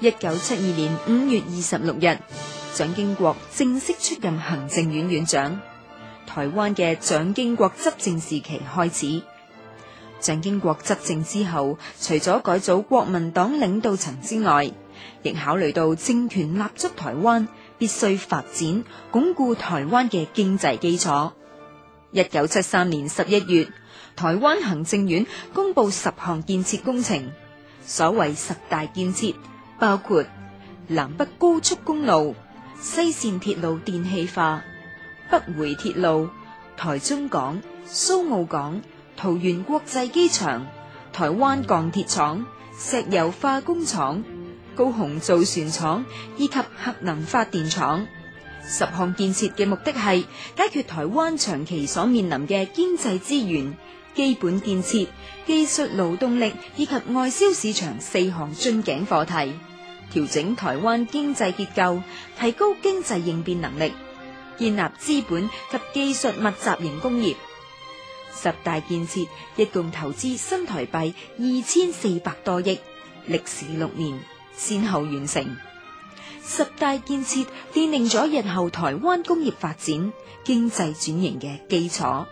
一九七二年五月二十六日，蔣經國正式出任行政院院長，台灣嘅蔣經國執政時期開始。蔣經國執政之後，除咗改組國民黨領導層之外，亦考慮到政權立足台灣，必須發展鞏固台灣嘅經濟基礎。一九七三年十一月，台灣行政院公布十項建設工程，所謂十大建設。包括南北高速公路、西線鐵路電氣化、北回鐵路、台中港、蘇澳港、桃園國際機場、台灣鋼鐵廠、石油化工廠、高雄造船廠以及核能發電廠。十項建設嘅目的係解決台灣長期所面臨嘅經濟資源、基本建設、技術勞動力以及外銷市場四項樽頸課題。調整台灣經濟結構，提高經濟應變能力，建立資本及技術密集型工業。十大建設一共投資新台幣二千四百多億，歷時六年，先後完成。十大建設奠定咗日後台灣工業發展、經濟轉型嘅基礎。